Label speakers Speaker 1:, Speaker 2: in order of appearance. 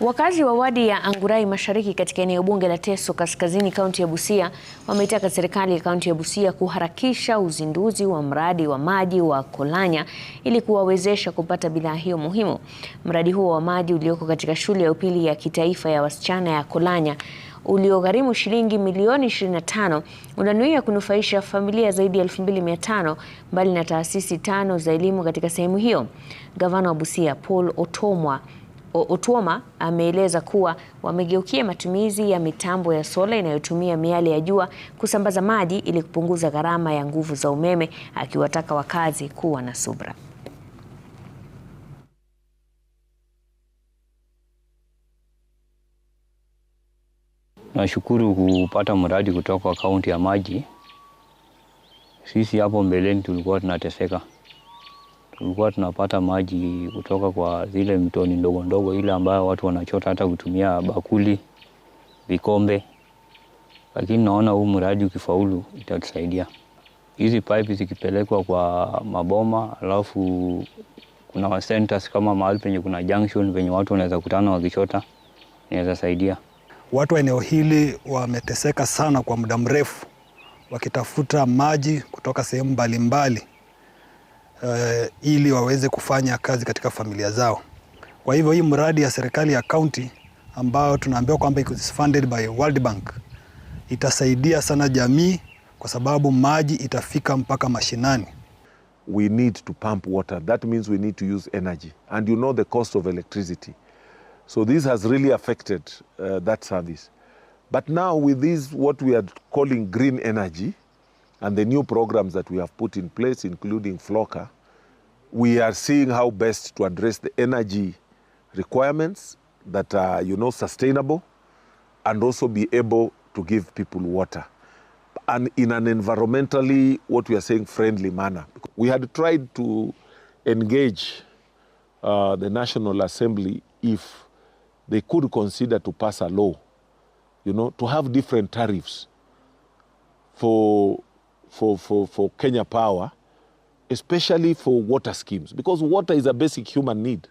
Speaker 1: Wakazi wa wadi ya Angurai Mashariki katika eneo bunge la Teso Kaskazini, kaunti ya Busia, wameitaka serikali ya kaunti ya Busia kuharakisha uzinduzi wa mradi wa maji wa Kolanya ili kuwawezesha kupata bidhaa hiyo muhimu. Mradi huo wa maji ulioko katika shule ya upili ya kitaifa ya wasichana ya Kolanya uliogharimu shilingi milioni 25 unanuia kunufaisha familia zaidi ya 2500 mbali na taasisi tano za elimu katika sehemu hiyo. Gavana wa Busia Paul Otomwa Otuoma ameeleza kuwa wamegeukia matumizi ya mitambo ya sola inayotumia miale ya jua kusambaza maji ili kupunguza gharama ya nguvu za umeme, akiwataka wakazi kuwa na subra.
Speaker 2: Nashukuru kupata mradi kutoka kaunti ya maji. Sisi hapo mbeleni tulikuwa tunateseka tulikuwa tunapata maji kutoka kwa zile mtoni ndogo ndogo ile ambayo watu wanachota hata kutumia bakuli, vikombe, lakini naona huu mradi ukifaulu itatusaidia. Hizi pipe zikipelekwa kwa maboma, alafu kuna wa centers kama mahali penye kuna junction venye watu wanaweza kutana wakichota, inaweza saidia.
Speaker 3: Watu wa eneo hili wameteseka sana kwa muda mrefu wakitafuta maji kutoka sehemu mbalimbali uh, ili waweze kufanya kazi katika familia zao. Kwa hivyo hii mradi ya serikali ya kaunti ambayo tunaambiwa kwamba iko funded by World Bank itasaidia sana jamii kwa sababu maji itafika mpaka mashinani.
Speaker 4: We need to pump water. That means we need to use energy. And you know the cost of electricity. So this has really affected uh, that service. But now with this what we are calling green energy, and the new programs that we have put in place, including Floca, we are seeing how best to address the energy requirements that are, you know, sustainable and also be able to give people water and in an environmentally, what we are saying, friendly manner. We had tried to engage uh, the National Assembly if they could consider to pass a law, you know, to have different tariffs for for, for, for Kenya Power, especially for water schemes, because water is a basic human need.